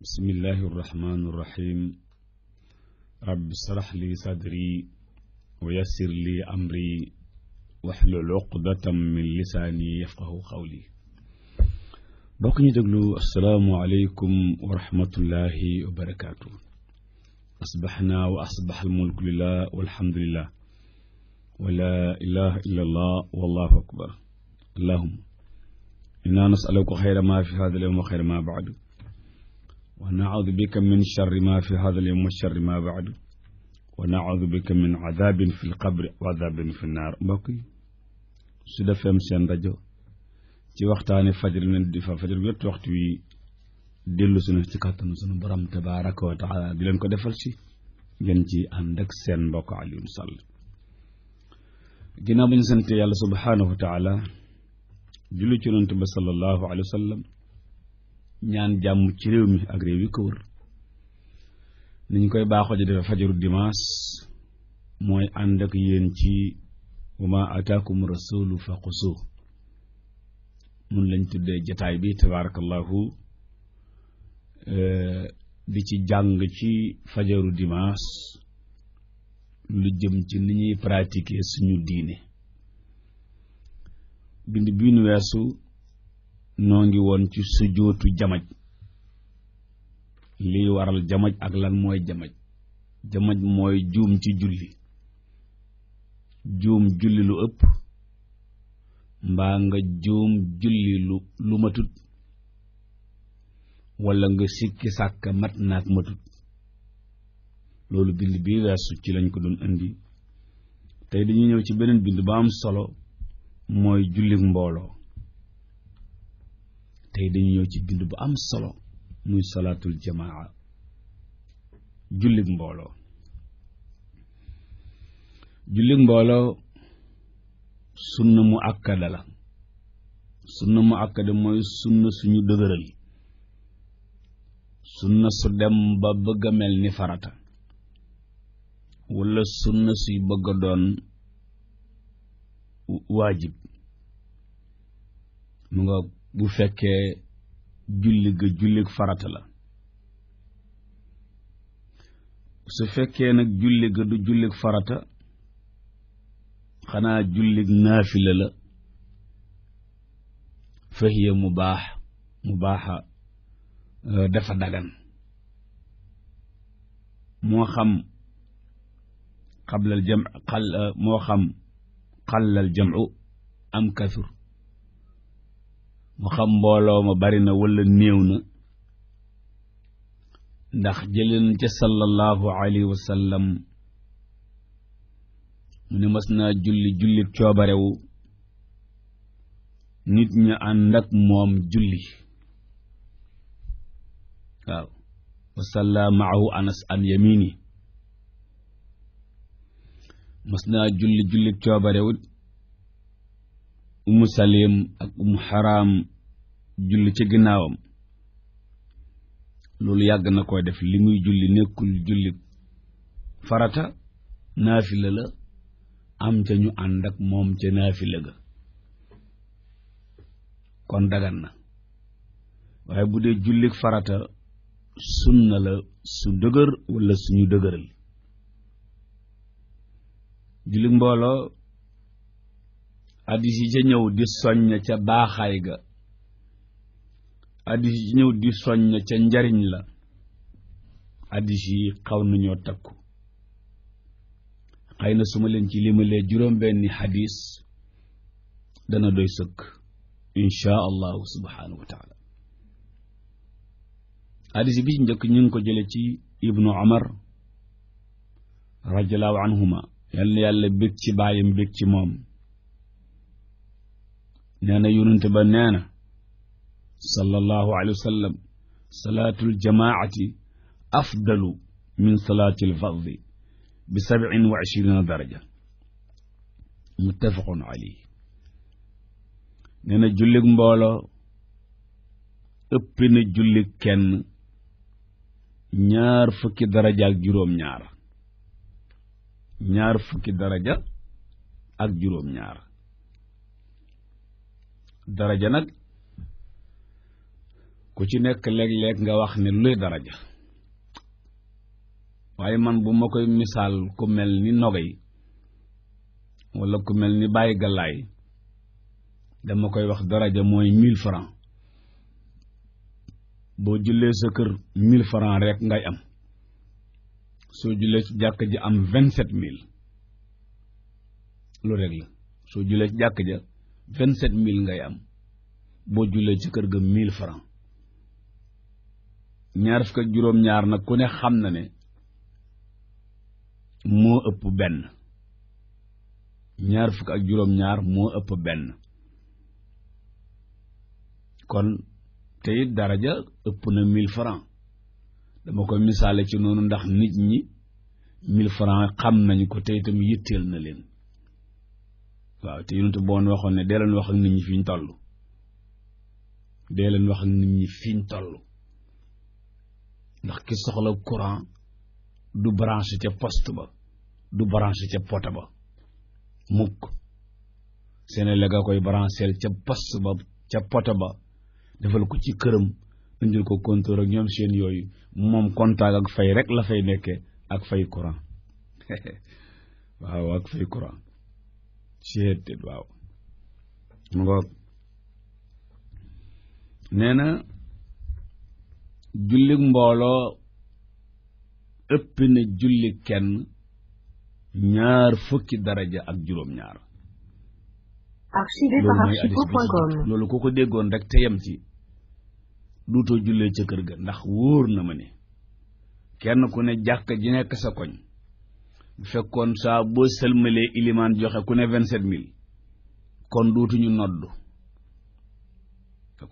بسم الله الرحمن الرحيم رب اشرح لي صدري ويسر لي أمري واحلل عقدة من لساني يفقه قولي بقي دغلو السلام عليكم ورحمة الله وبركاته أصبحنا وأصبح الملك لله والحمد لله ولا إله إلا الله والله أكبر اللهم إنا نسألك خير ما في هذا اليوم وخير ما بعده ونعوذ بك من شر ما في هذا اليوم وشر ما بعده ونعوذ بك من عذاب في القبر وعذاب في النار بقي سيدا فهم سيان رجو تي وقتاني فجر من دفا فجر بيت وقت وي دلو سنة تكاتنا سنة برام تبارك وتعالى دلن كو دفل سي جنجي عندك سيان بقى عليهم صلى جنابين سنتي الله سبحانه وتعالى جلو جنون صلى الله عليه وسلم ñaan jàmm ci réew mi ak réew yi ko ni ñu koy baaxoo di defee fajaru dimaas mooy ànd ak yéen ci wa ma ataakum rasulu fa mun lañ tuddee jataay bi tabaarakallahu bi eh, ci jàng ci fajaru dimaas lu jëm ci ni ñuy pratiquer suñu diine bind bi nu weesu noo ngi woon ci sujootu jamaj liy waral jamaj ak lan mooy jamaj jamaj mooy juum ci julli juum julli lu ëpp mbaa nga juum julli lu lu matut walla nga sikki sàkk mat naak matut loolu bind bii weesu ci lañ ko doon indi tey dañu ñëw ci beneen bind ba am solo mooy jullik mbooloo tey dañu ñëw ci bind bu am solo muy salaatul jamaa jullit mbooloo jullit mbooloo sunna mu akkada la sunna mu akkada mooy sunna suñu dëgëral sunna su dem ba bëgg a mel ni farata wala sunna suy bëgg doon waajib mu nga bu fekkee julli ga jullig farata la su fekkee nag julli ga du jullig farata xanaa jullig naafila la fahiya mu baax mu baaxa euh, dafa dagan moo xam xablal jam xal euh, moo xam xallal jamcu am kasur mu xam mbooloo ma bari na wala néew na ndax jëleen ca sallallahu alayhi wa mu ne mas naa julli julli coobarewu nit ñi ànd ak moom julli waaw wa salla maahu anas an yamini mas naa julli julli coobarewut umu salim ak umu xaraam julli ci ginnaawam loolu yàgg na koy def li muy julli nekkul julli farata naafila la am ca ñu ànd ak moom ca naafila ga kon dagan na waaye bu dee jullik farata sunna la su dëgër wala suñu dëgëral jullik mbooloo addis yi ca ñëw di soññ ca baaxaay ga addis yi ca ñëw di soññ ca njariñ la addis yi xaw nañoo takku xay na suma leen ci limalee juróom-benni xadis dana doy sëkk insha allahu subhanahu wa taala bi ci njëkk ñu ngi ko jële ci ibnu omar radiallahu anhuma yal na yàlla bég ci baayam bég ci moom نانا يونت بنانا صلى الله عليه وسلم صلاة الجماعة أفضل من صلاة الفضل بسبع وعشرين درجة متفق عليه نانا جلك مبالا ابن جلق كان نار فك درجة جروم نار نار فك درجة أجروم نار daraja nag ku ci nekk léeg-léeg nga wax ne luy daraja waaye man bu ma koy misaal ku mel ni nogay wala ku mel ni bàyyi galaay dama koy wax daraja mooy mille francs boo jullee sa kër mil francs rek ngay am soo jullee ci jàkk ji am vingt-sept mille lu rek la soo jullee ci jàkk ja vingt sept mille ngay am boo jullee ci kër ga mille francs ñaar fukk ak juróom-ñaar nag ku ne xam na ne moo ëpp benn ñaar fukk moo ëpp benn kon te dara ja ëpp na mille francs dama koy misaale ci noonu ndax nit ñi mille francs xam nañu ko te itam yitteel na leen waaw te yonent boon waxoon ne dee leen wax ak nit ñi fi ñu toll dee leen wax ak nit ñi fi ñu ndax ki soxla courant du branché ca post ba du baranche ca poto ba mukk Senelec a koy branché ca poste ba ca poto ba defal ko ci këram indil ko compteur ak ñoom seen yooyu moom contact ak fay rek la fay nekkee ak fay courant waaw ak fay courant seeddet waaw ngoog nee na jullig mbooloo ëpp na jullig kenn ñaar fukki daraja ak juróom-ñaar loolu ko ko déggoon rek te yem ci duutoo jullee ca kër ga ndax wóor na ma ne kenn ku ne jàkk ji nekk sa koñ bu fekkoon saa boo sëlmalee ilimaan joxe ku ne vingt-sept mille kon duutuñu noddu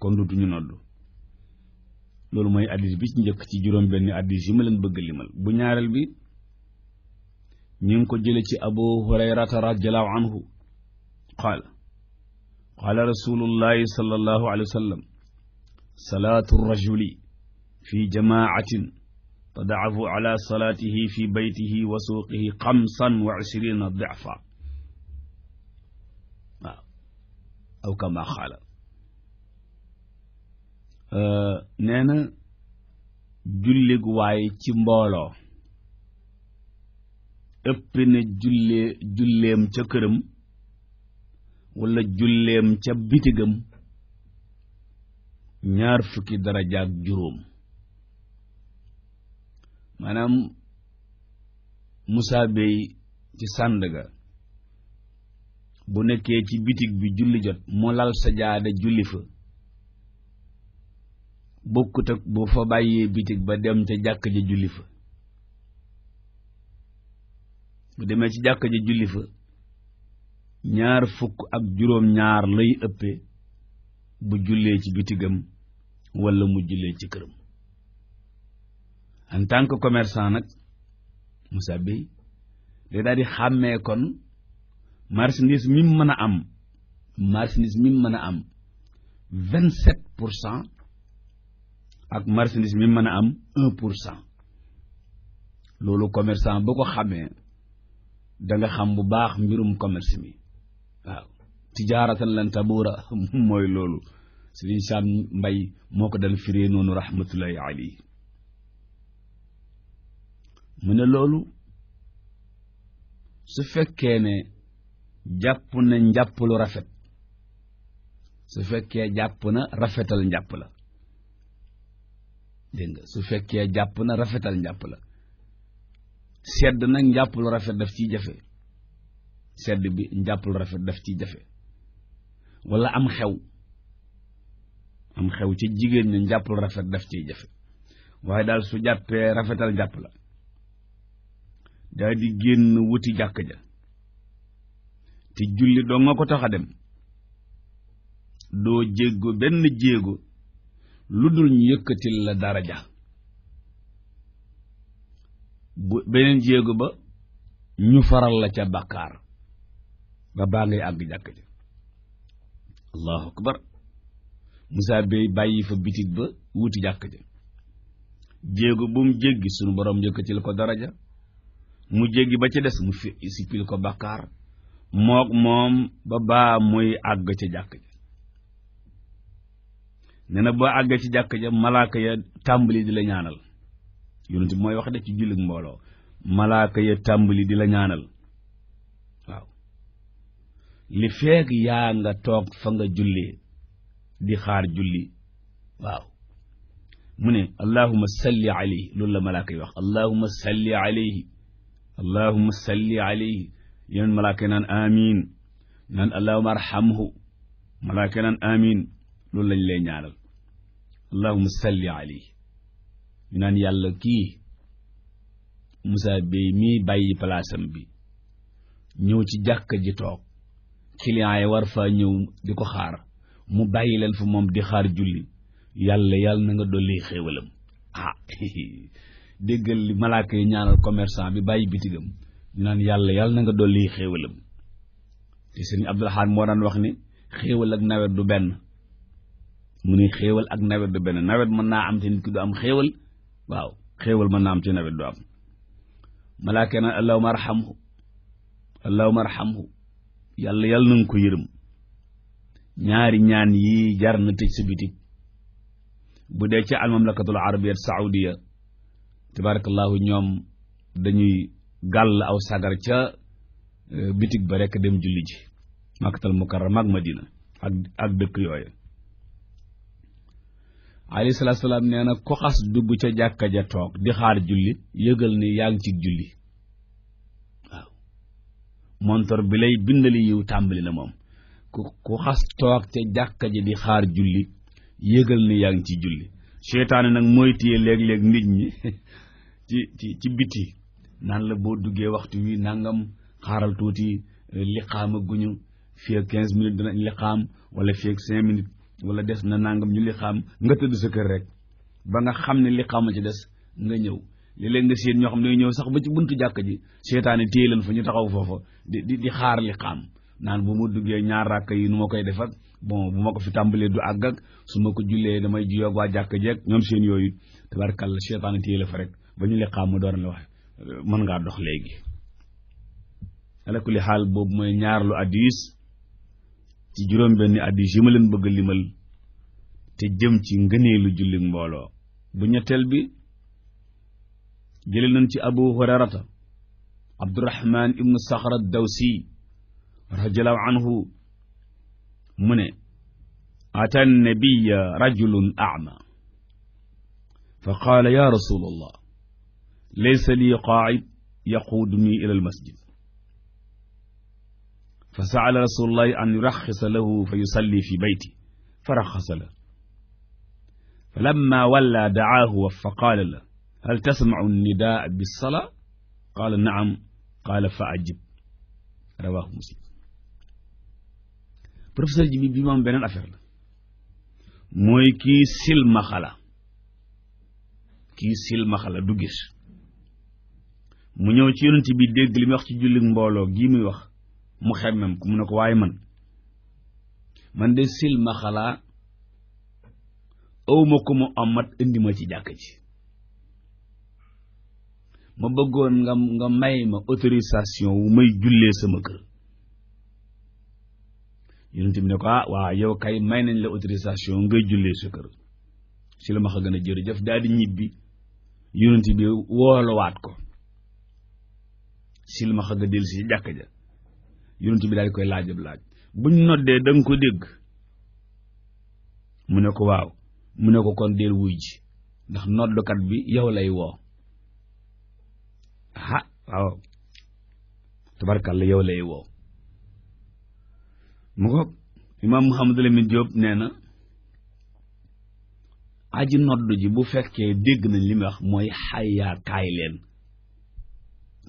kon duutuñu noddu loolu mooy addis bi ci njëkk ci juróom benn addis yi ma leen bëgg limal bu ñaareel bi ñu ngi ko jële ci abu hurayrata radiallahu anhu qaal qaala rasulullahi sallallahu alayhi wa salaatu rajuli fi jamaatin تدعف على صلاته في بيته وسوقه قمصا وعشرين ضعفا نعم. أو كما قال آه، نانا جولي قواي تيمبولو ابن جولي جولي مشكرم ولا جولي مشبتيجم نعرف كي درجات جروم maanaam Moussa Bey ci Sandaga bu nekkee ci bitig bi julli jot mu lal sajaada julli fa bokkut ak bu fa bàyyee bitig ba dem ca jàkk ja julli fa bu demee ci jàkk ja julli fa ñaar fukk ak juróom ñaar lay ëppe bu jullee ci bitigam walla mu jullee ci këram en tant que commerçant nag Moussa bi day daal di xàmmee kon marchandise mi mu mën a am marchandise mi mu mën a am vingt pour cent ak marchandise mi mën a am pour cent loolu commerçant boo ko xamee da nga xam bu baax mbirum commerce mi waaw tijaaratan lan tabuura mooy loolu Sëriñ Sam Mbay moo ko daan firee noonu rahmatullahi alayhi mu ne loolu su fekkee ne jàpp na njàpp lu rafet su fekkee jàpp na rafetal njàpp la dégg su fekkee jàpp na rafetal njàpp la sedd nag njàpp lu rafet daf ciy jafe sedd bi njàpp lu rafet daf ciy jafe walla am xew am xew ci jigéen ñi njàpp lu rafet daf ciy jafe waaye daal su jàppee rafetal njàpp la daal di génn wuti jàkk ja te julli doo nga ko tax a dem doo jéggo benn jéego lu dul ñu yëkkatil la daraja bu beneen jéego ba ñu faral la ca bàkkaar ba baa ngay àgg jàkk ja allahu akbar Musaa Bey bàyyi fa bitit ba wuti jàkk ja jéego bu mu jéggi sunu boroom yëkkatil ko ja mu jéggi ba ca des mu sippil ko bàkkaar mook moom ba baa muy àgg ca jàkk ja nee na ba àgg ci jàkk ja malaaka ya tàmbali di la ñaanal yonent bi mooy wax de ci jullit mbooloo malaaka ya tàmbali di la ñaanal waaw li feeg yaa nga toog fa nga jullee di xaar julli waaw mu ne allahuma salli alayhi loolu la malaaka yi wax allahuma salli alayhi allahuma salli alayhi yeneen malaaka naan amin naan allahuma arhamhu malaaka naan amin loolu lañ lay ñaanal allahuma salli alayhi ñu yàlla kii Moussa Bey mii bàyyi palaasam bi ñëw ci jàkka ji toog client yi war faa ñëw di ko xaar mu bàyyi leen fu moom di xaar julli yàlla yàlla na nga dolli xéewalam ah, déggal li malaaka yi ñaanal commerçant bi bàyyi bitigam ñu naan yàlla yàlla na nga dolli xéewalam te sëriñ Abdul Ahad moo daan wax ni xéewal ak nawet du benn mu ni xéewal ak nawet du benn nawet mën naa am te nit ki du am xéewal waaw xéewal mën naa am te nawet du am malaaka yi naan allahumma arhamhu allahumma arhamhu yàlla yàlla na nga ko yërëm ñaari ñaan yi jar na tëj sa bitig bu dee ci almamlakatul arabiyat saudiya tabaarakallaahu ñoom dañuy gàll aw sagar ca euh, bitig ba rekk dem julli ji màkkatal mukarrama ak madina ak ak dëkk yooyu alayhi salaatu salaam nee na ku xas dugg ca jàkka ja toog di xaar julli yëgal ni yaa ngi ci bindali yiw tàmbali na moom ku di xaar julli yëgal yaa ngi ci julli seytaane nag mooy téye léeg-léeg nit ñi ci ci ci biti naan la boo duggee waxtu wi nangam xaaral tuuti euh, liqaama guñu fii ak 15 minutes dinañ liqaam wala fii ak 5 minutes wala des na nangam ñu liqaam nga tëdd sa kër rek ba nga xam ne liqaama ci des nga ñëw léeg-léeg nga séen ñoo xam ne ñëw sax ba ci buntu jàkk ji seetaane téye leen fa ñu taxaw foofa di di di xaar liqaam naan bu mu duggee ñaar ràkk yi nu ma koy defar bon bu ma ko fi tàmbalee du àgg su ma ko jullee damay juyoog waa jàkk jeeg ñoom seen yooyu tabarkàlla seytaane téye la fa rek ba ñu liqaam mu doon la wax mën ngaa dox léegi ala kulli xaal boobu mooy ñaarlu addis ci juróom-benni addis yi ma leen bëgg a limal te jëm ci ngëneelu julli mbooloo bu ñetteel bi jële nañ ci abu hurairata abdurahman ibnu saxra dawsi radiallahu anhu مني أتى النبي رجل أعمى فقال يا رسول الله ليس لي قاعد يقودني إلى المسجد فسأل رسول الله أن يرخص له فيصلي في بيتي فرخص له فلما ولى دعاه فقال له هل تسمع النداء بالصلاة قال نعم قال فأجب رواه مسلم professeur ji bi bi moom beneen affaire la mooy kii silmaxa la kii silmaxa du gis mu ñëw ci yonent bi dégg li muy wax ci jullit mbooloo gi muy wax mu xemmem ku mu ne ko waaye man man de silmaxa ëwma awma ko mu amat indi ma ci jàkk ji ma bëggoon nga nga may ma autorisation wu may jullee sama kër yonent bi ne ko ah waaw yow kay may nañ la autorisation ngay jullee sa kër si la ma xa gën a jërëjëf daal di ñibbi yonent bi woolawaat ko si la ma xa nga dellu si jàkk ja yonent bi daal di koy laajab laaj buñ noddee da nga ko dégg mu ne ko waaw mu ne ko kon del wuy ji ndax noddukat bi yow lay woo ah waaw tabarkàlla yow lay woo mu ngoog imaam Mouhamadou Lamine Diop nee na aji noddu ji bu fekkee dégg nañ li wax mooy xayyaa kaay leen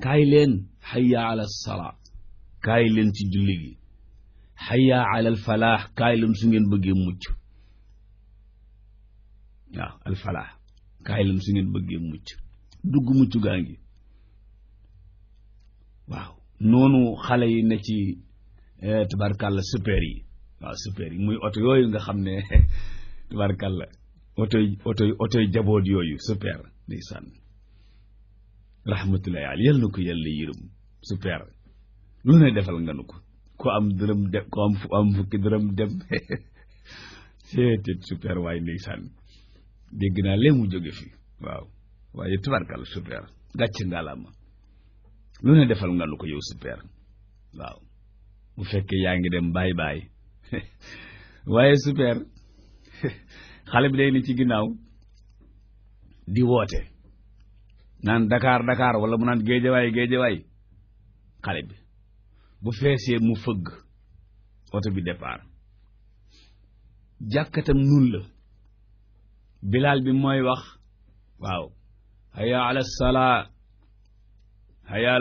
kaay leen xayya ala salaa kaay leen ci julli gi xayya ala falaax kaay leen su ngeen bëggee mucc waaw al falaax kaay leen dugg mucc gaa ngi waaw noonu xale yi ne ci Eh, tubaarkàlla super yi waaw super yi muy oto yooyu nga xam ne tubaarkàlla oto yi oto yi jaboot yooyu super ndeysaan rahmatullahi alayhi yal na ko yàlla yërëm super lu ne defal nga ko ku am dërëm dem ku am am fukki dërëm dem seetit super waaye ndeysaan dégg naa lee mu jóge fi waaw waaye tubaarkàlla super gàcc ngalaama lu ne defal nga ko yow super waaw bu fekkee yaa ngi dem bàyyi bàyyi waaye super xale bi day ni ci ginnaaw di woote naan dakaar dakaar wala mu naan géejawaay géejawaay xale bi bu feesee mu fëgg oto bi départ jàkkatam nun la bilaal bi mooy wax waaw haya ala salaa haya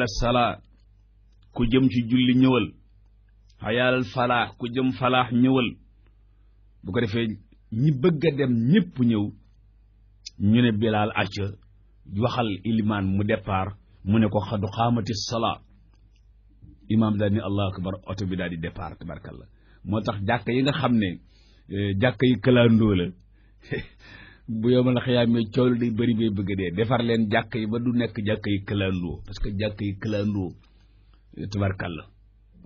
ku jëm ci julli ñëwal hayal falah ku jëm falah ñëwal bu ko defé ñi bëgg dem ñepp ñew ñu né bilal acca waxal iliman mu départ mu né ko khadu khamati salat imam dani allah akbar auto bi di départ tabarakallah motax jakk yi nga xamné e, jakk yi këlaandoo la bu yomal xiyamé ciol di bari bay bëgg dé défar len jakk yi ba du nekk jakk yi parce que jakk yi tabarakallah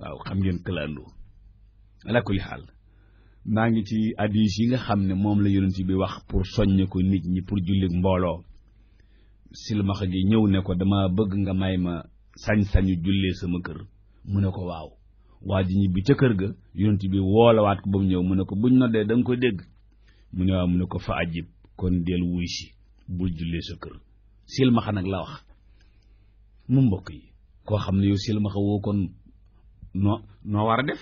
waaw xam ngeen clando ala kulli xaal maa ngi ci hadis yi nga xam ne moom la yonent bi wax pour soññ ko nit ñi pour jullit mbooloo silmaxa gi ñëw ne ko dama bëgg nga may ma sañ-sañu jullee sama kër mu ne ko waaw waa ji ñibbi ca kër ga yonent bi woolawaat ko ba mu ñëw mu ne ko buñ noddee da nga ko dégg mu ne waaw mu ne ko fa ajib kon del wuy si bul jullee sa kër silmaxa nag la wax mu mbokk yi koo xam ne yow silmaxa woo kon no no war def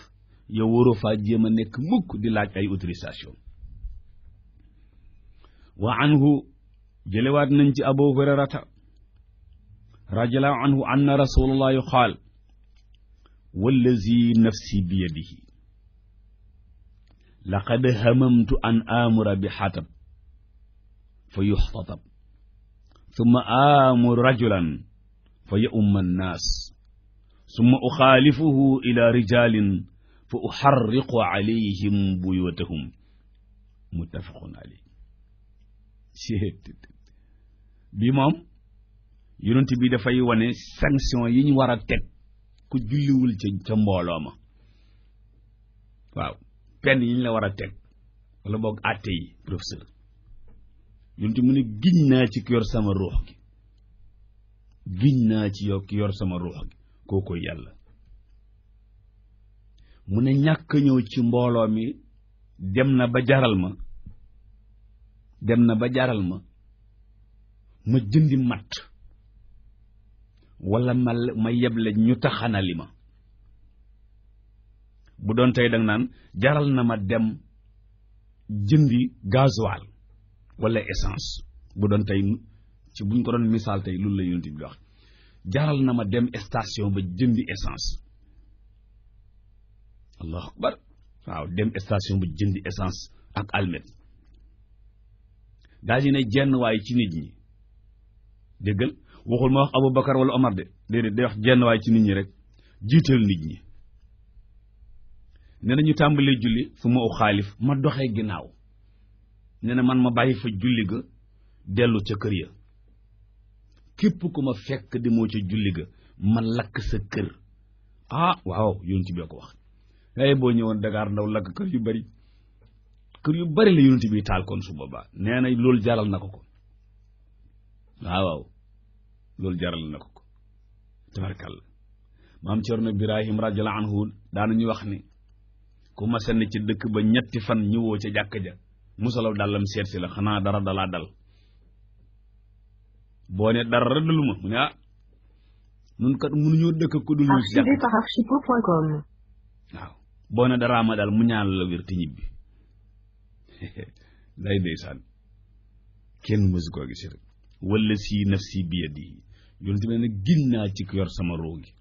yow woro fa jema nek mukk di laaj ay autorisation wa anhu jele wat nañ ci abu hurairata rajala anhu anna rasulullah yuqal والذي نفسي بيده لقد هممت أن آمر بحطب فيحتطب ثم آمر رجلا فيؤم الناس ثم أخالفه إلى رجال فأحرق عليهم بيوتهم متفق عليه bi moom yonent bi dafay wane sanction yi ñu war a teg ku julliwul ca ca mbooloo ma waaw penn yi ñu la war a teg wala boog àtte yi professeur yonent mu ne giñ naa ci ki yor sama ruux gi giñ naa ci yo ki yor sama ruux gi kooku yàlla mu ne ñàkk ñëw ci mbooloo mi dem na ba jaral ma dem na ba jaral ma ma jëndi matt wala ma yeble ñu taxanali ma bu doon tey danga naan jaral na ma dem jëndi gasoil wala essence bu doon tey ci buñ ko doon misaal tey loolu la yonent bi wax jaral na ma dem station ba jënd essence allahu akbar waaw dem station ba jëndi essence ak almet dal di ne jenn waay ci nit ñi déggal waxul ma wax Aboubacar wala Omar de déedéet day wax jenn waay ci nit ñi rek jiital nit ñi nee nañu ñu tàmbalee julli su ma u xaalif ma doxee ginnaaw nee na man ma bàyyi fa julli ga dellu ca kër ya képp ku ma fekk di moo ca julli ga man lakk sa kër ah waaw yonent bi ko wax waaye boo ñëwoon Dakar ndaw lakk kër yu bari kër yu bari la yonent bi taal kon su boobaa nee na loolu jaral na ko ko waaw ah, waaw loolu jaral na ko ko tabarkàlla maam Cerno Birahim radiyallahu anhu daana ñu wax ni ku ma sen ci dëkk ba ñetti fan ñëwoo ca jàkk ja musalaw dàllam seet la xanaa dara dalaa dal boo ne dara daluma mu ne ah nun kat mënuñoo dëkk ko dul ñu si jàpp waaw boo ne daraa ma daal mu ñaan la wér te ñibbi day ndeysaan kenn mësu koo gis rek wala si nafsi bi yadihi yonent bi ne gin naa ci ku yor sama ruu gi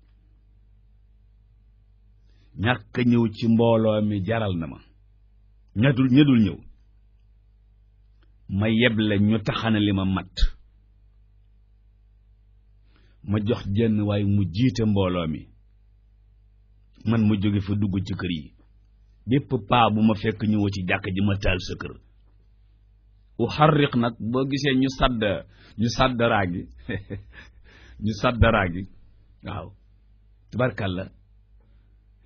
ñàkk ñëw ci mbooloo mi jaral na ma ñadul ñadul ñëw ma yeble ñu taxana ma mat ma jox jenn way mu jité mbolo mi man mu joggé fa dugg ci kër yi bép pa bu ma fekk ñëw ci jakk ji ma tal sa kër u harriq nak bo gisé ñu sadd ñu sadd raagi ñu saddaraa gi waaw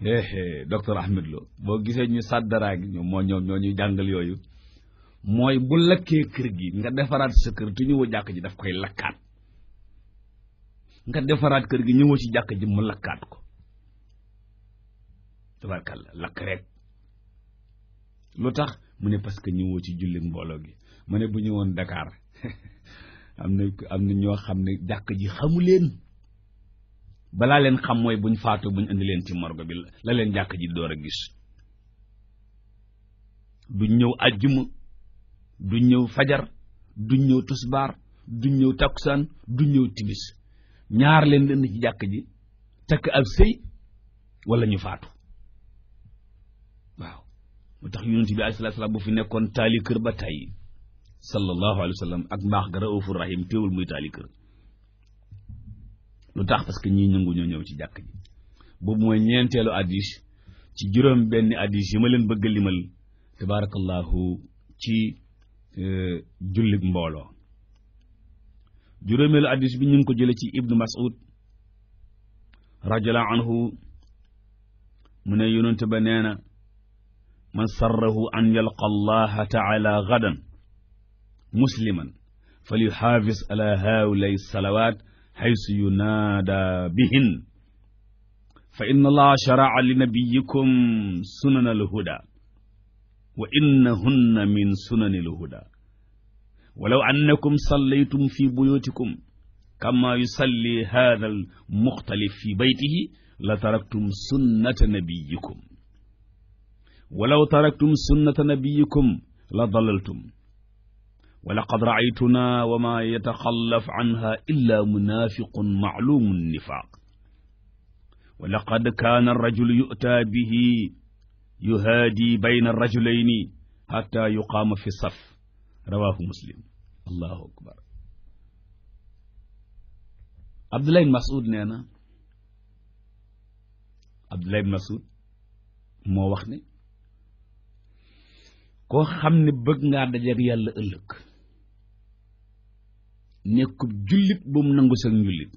he he docteur Ahmed Lo bo gisé ñu sadd raagi ñu mo ñom ñoo ñuy jàngal yooyu mooy bu lakké kër gi nga défarat sa kër ñëw jakk ji daf koy lakkat nga defaraat kër gi ñëwoo ci jàkk ji mu lakkaat ko tabarkalla lakk rek lu tax mu ne parce que ñëwoo ci julli mbooloo gi mu ne bu ñëwoon Dakar am na am na ñoo xam ne ji xamu leen balaa leen xam mooy buñ faatu buñ indi leen ci morgo bi la leen jàkk ji door a gis du ñëw du ñëw fajar du ñëw tusbar du ñëw takusaan du ñëw timis ñaar leen di indi ci jàkk ji takk ab sëy wala ñu faatu waaw moo tax yonent bi alayhi salaam bu fi nekkoon taali kër ba tey sallallahu alayhi wa ak mbaax ga raufur rahim téewul muy taali kër lu tax parce que ñii ñëngu ñoo ñëw ci jàkk ji boobu mooy ñeenteelu addis ci juróom benn addis yi ma leen bëgg limal tabaarakallahu ci euh, jullit mbooloo جرمل عدس بنين كجلتي ابن مسعود رجل عنه من يننت بنانا من سره أن يلقى الله تعالى غدا مسلما فليحافظ على هؤلاء الصلوات حيث ينادى بهن فإن الله شرع لنبيكم سنن الهدى وإنهن من سنن الهدى ولو أنكم صليتم في بيوتكم كما يصلي هذا المختلف في بيته لتركتم سنة نبيكم ولو تركتم سنة نبيكم لضللتم ولقد رأيتنا وما يتخلف عنها إلا منافق معلوم النفاق ولقد كان الرجل يؤتى به يهادي بين الرجلين حتى يقام في الصف رواه مسلم allahu akbar abdullah ibn mas'ud na abdullah ibn mas'ud moo wax ni koo xam ne bëgg ngaa dajeek yàlla ëllëg nekkub jullit bu mu nangu sa njullit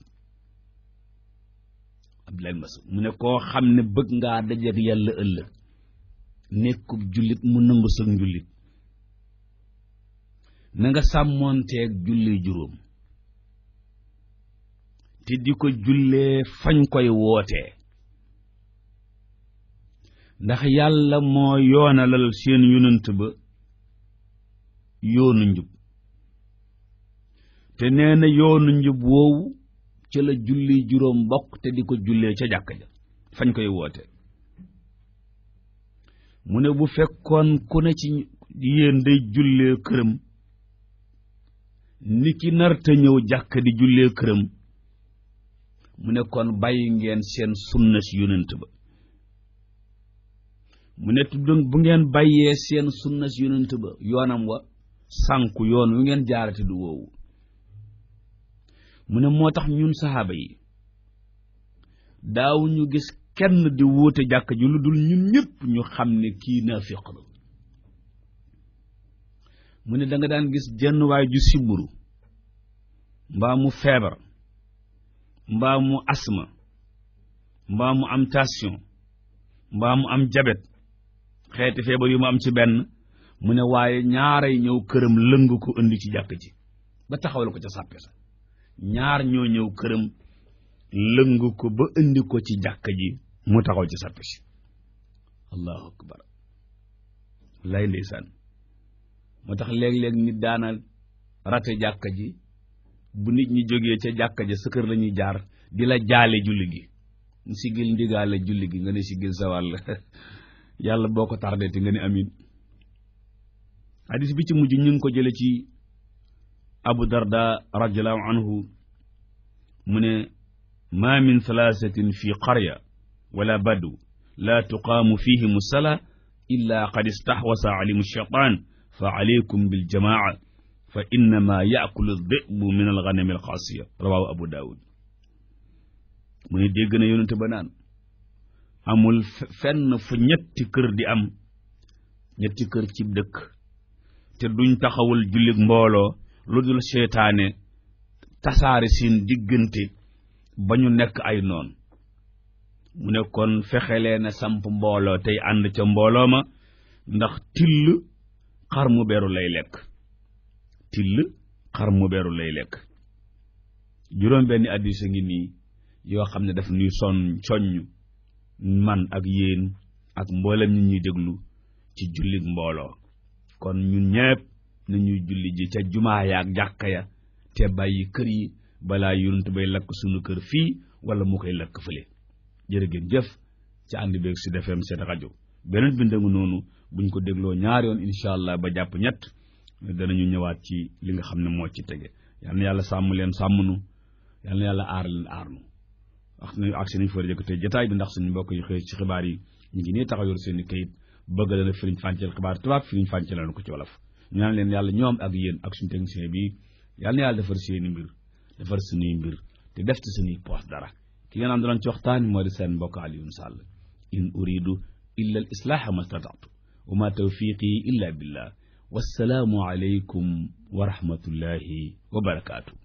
abdullah ibn mu ne koo xam ne bëgg ngaa dajeek yàlla ëllëg nekkub jullit mu nangu sa njullit na nga sàmmoonteeg julli juróom te di ko jullee fañ koy wootee ndax yàlla moo yoonalal seen yonant ba yoonu njub te nee na yoonu njub woowu ca la julli juróom bokk te di ko jullee ca jàkk ja fañ koy woote mu ne bu fekkoon ku ne ci yéen day jullee këram ni ki narte ñëw jàkk di jullee këram mu ne kon bàyyi ngeen seen sunna si ba mu ne tuddoon bu ngeen bàyyee seen sunna si ba yoonam wa sànku yoon wu ngeen jaarati du woowu mu ne moo tax ñun saxaaba yi daaw ñu gis kenn di wuute jàkk ji lu dul ñun ñëpp ñu xam ne kii naafiq la mu ne danga nga daan gis jenn waay ju sibburu mbaa mu feebar mbaa mu asma mbaa mu am tension mbaa mu am jabet xeeti feebar yu mu am ci benn mu ne waaye ñaaray ñëw këram lëng ko indi ci jàkk ji ba taxawal ko ca sàppe sa ñaar ñoo ñëw këram lëng ko ba indi ko ci jàkk ji mu taxaw ci sàppe si allahu akbar lay ndeysaan moo tax léeg-léeg nit daana rate jàkka ji bu nit ñi jógee ca jàkka ja sa kër la jaar di la jaale julli gi mu sigil ndigaale julli gi nga ne sigil sa wàll yàlla boo ko tardeti nga ne amin hadis bi ci mujj ñu ngi ko jële ci abu darda radiallahu anhu mu ne ma min salaasatin fi qarya wala badu la tuqaamu fihim salaa illa qad istahwasa alayhim shaytaan fa aleykum bil jamaa fa innama yaakulu dibu min al ganami al xaasiya rawaahu abu mu ne dégg na yonente ba naan amul fenn fu ñetti kër di am ñetti kër ci dëkk te duñ taxawul jullit mbooloo lu dul seetaane tasaari seen diggante ba ñu nekk ay noon mu ne kon fexe leen samp mbooloo tey ànd ca mbooloo ma ndax till xar mu beru lay lekk till xar mu beru lay lekk juróom benni addis ngi nii yoo xam ne daf ñuy son soññ man ak yéen ak mboolem ñi ñuy déglu ci jullit mbooloo kon ñun ñépp nañuy julli ji ca jumaa ya ak ya te bàyyi kër yi balaa yonent bay lakk sunu kër fii wala mu koy lakk fële jërë ngeen jëf ca ànd beeg Sud FM seen rajo beneen bind mu noonu buñ ko dégloo ñaari yoon incha allah ba jàpp ñett dana ñu ñëwaat ci li nga xam ne moo ci tege yal na yàlla sàmm leen sàmm nu yal na yàlla aar leen aar nu wax nañu ak seen i fër tey jotaay bi ndax suñu mbokk yi ci xibaar yi ñu ngi nii taxaw yor seen i kayit bëgg leen firiñ fànceel xibaar tubaab firiñ fànceel leen ko ci wolof ñaan leen yàlla ñoom ak yéen ak suñu technicien bi yal na yàlla defar seen i mbir defar suñuy mbir te def ci suñuy poos dara ki nga naan doon ci waxtaan moo di seen mbokk Alioune Sall in uridu إلا الإصلاح ما استطعت وما توفيقي إلا بالله والسلام عليكم ورحمة الله وبركاته